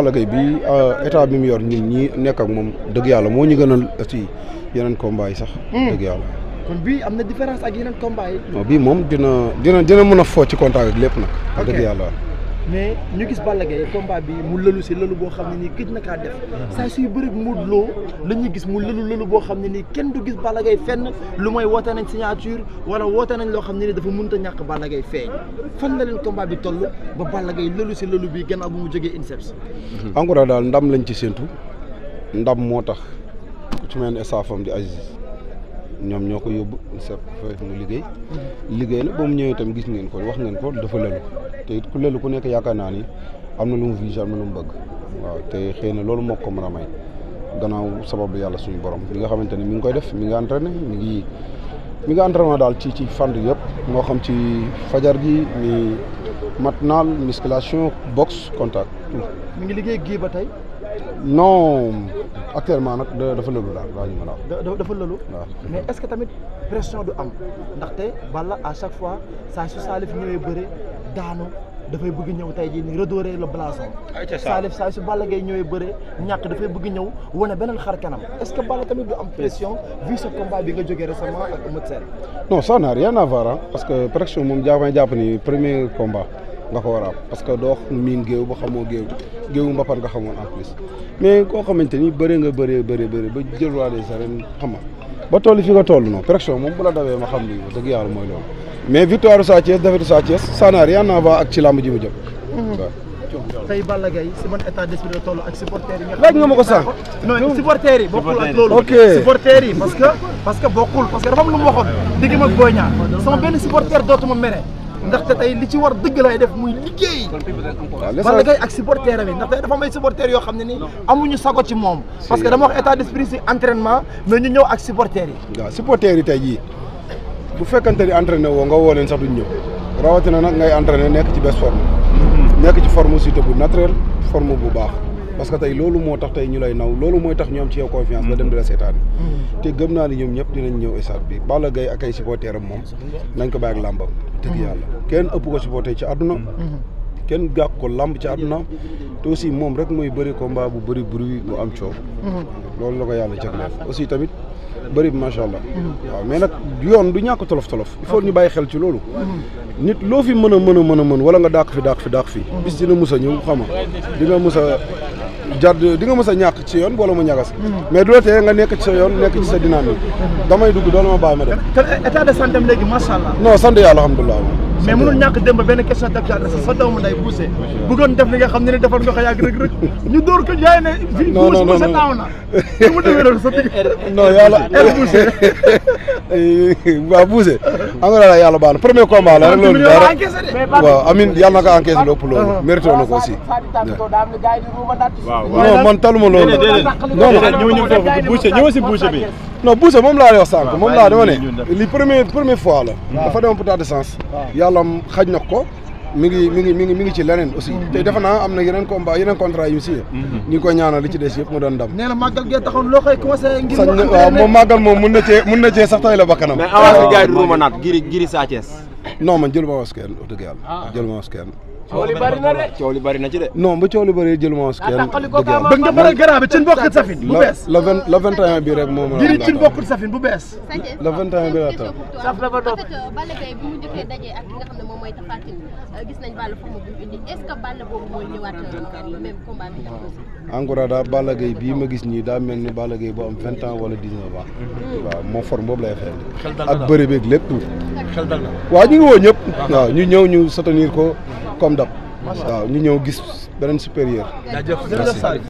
Balla Gaye bi euh, état bi mu yor ñun ñi nekk ak moom dëgg yàlla moo ñu gënal ci yeneen combat yi sax. Hmm. dëgg yàlla. kon bii am na différence ak yeneen combat yi. bii moom dina dina mën a foo ci contact ak lépp nag. dëgg yàlla. mais ñu gis Balla Gaye combat bi mu lëlu si lëlu boo xam ne nii këj na kaa def saa suy bëri Modou loo la ñuy gis mu lëlu lëlu boo xam ne nii kenn du gis Balla Gaye fenn lu mooy woote nañ signature wala woote nañ loo xam ne nii dafa mënut a ñàkk Balla Gaye feeñ fan la leen combat bi toll ba Balla Gaye lëlu si lëlu bi gannaaw bu mu jógee INSEPS. encore daal ndam lañ ci séentu ndam moo tax ku ci mel ne staffam di Aziz ñoom ñoo ko yóbbu sa fekk mu liggéey liggéey na ba mu ñëwee itam gis ngeen ko wax ngeen ko dafa lelu te it ku lelu ku nekk yaakaar naa ni am na lu mu visé am na lu mu bëgg waaw te xëy na loolu moo ko mën a may gannaaw sababu yàlla suñu borom mi nga xamante ni mi ngi koy def mi ngi entraîné ngi mi ngi entraînement daal ci ci fànn yëpp moo xam ci fajar gi mi matinal musculation box contact mi ngi liggéey gii ba tey non actuellement nag dafa lëlu daal dafa lëlu. mais est-ce que tamit pression du am ndaxte Balla à chaque fois saa su Salif ñëwee bëre daanu dafay bëgg ñëw tey jii nii redorer le blason. Salif saa su Balla ngay ñëwee bëre ñàkk dafay bëgg ñëw wane beneen xar kanam est-ce que Balla tamit du am pression vu combat bi nga jógee récemment ak Eumeu Sène. non ça n'a rien à voir parce que pression moom jaa jàpp ni premier combat. nga ko war am parce que doo miin géew ba xamoo géew géewu mbapat nga xamoon en plus mais koo xamante ni bëre nga bëree bëri bëri ba jël roi des arènes xam ba toll fi nga toll noonu pression moom bu la dawee ma xam lii dëgg yàlla mooy loolu mais victoire Sa Thiès défaite Sa Thiès ça n'a rien à voir ak ci làmb ji mu jëm mmh. tey Balla Gaye si ban état d'esprit la toll ak laaj nga ma ko sànq. non yi bokkul ak loolu. ok supporters yi parce que parce que bokkul parce que dafa am lu mu waxoon. ndaxte tey li ci war dëgg lay def muy liggéey ah, Balla Gaye ak supporter bi ndaxte dafa may supporter yoo xam ne ni amuñu sago ci moom parce que dama wax état d'esprit si entraînement mais ñu ñëw ak supporter yi waaw yi tey jii bu fekkante ni entraîné woo nga woo leen sax duñ ñëw rawatina nag ngay entraîné nekk ci best forme mhm. nekk ci forme surtout bu naturel forme bu baax parce que tey loolu moo tax tey ñu lay naw loolu mooy tax ñu am ci yow confiance ba dem di la seetaan mhm. gëm naa ni ñoom ñëpp dinañ ñëw stade bi Balla Gaye ak ay supporteram moom nañ ko bàyyi ak dëgg mhm. yàlla kenn ëpp ko supporté ci àdduna mhm. Mhm. kenn gàq ko làmb ci àdduna te aussi moom rek mooy bëri combat bu bëri bruit bu am coow loolu la ko yàlla jagleel aussi tamit bëri bi macha allah waaw mais nag yoon du ñàkk tolof tolof il faut ñu bàyyi xel ci loolu nit loo fi mën a mën a mën a mën wala nga dàq fi dàq fi dàq fi bis dina mus a ñëw xama di nga mus a jar di nga mës a ñàkk ci yoon wala mu ñagas mais du la nga nekk ci sa yoon nekk ci sa dynamique damay dugg doolu ma bàyyi ma dem kon état de santé am léegi macha allah non sant yàlla alhamdulilah mais mënul ñàkk démb benn question d'actualité sa doomu day poussé bëggoon def li nga xam ne ne defal nga ko yàgg rek rek ñu dóor ko ne pousse poussé taaw na waaw buuse engrais la yàlla baax na premier combat la rek loolu dara waaw Amine yàlla na ko encaissé lépp loolu mérité na ko aussi non man taluma loolu non non non buuse moom laa lay wax sànq moom laa dama ne li premier fois la dafa demoon pour tas yàlla xaj na ko mi ngi mi ngi mi ngi mi ngi ci leneen aussi mm-hmm. te defe naa am na yeneen combat yeneen contrat yu si mm-hmm. ñu koy ñaanal li ci des yëpp mu doon ndam nee na màggal gee taxoon loo koy conseillé ngir waaw moom màggal moom mun na cee mun na cee sax tay la bakkanam mais avance bi gars yi ruuma naat giri giri Sa Thiès ma avance kenn wax dëgg yàlla ah. jël ma avance kenn coow li bari na de coow li bari na ci de. non ba coow li bari jël ma safin bu bees. rek moom la. jëriñ bu bees. vingt la tax. saf daal Balla Gaye bii ma gis nii daa mel ni Balla Gaye bu am ans wala dix neuf ans. Mhm. waaw moom forme boobu lay xel. ak bëre beeg lépp. xel ñu ngi woo ñëpp. waaw ñu ñëw ñu soutenir ko mhm. comme d'hab waaw ñu ñëw gis beneen supérieur.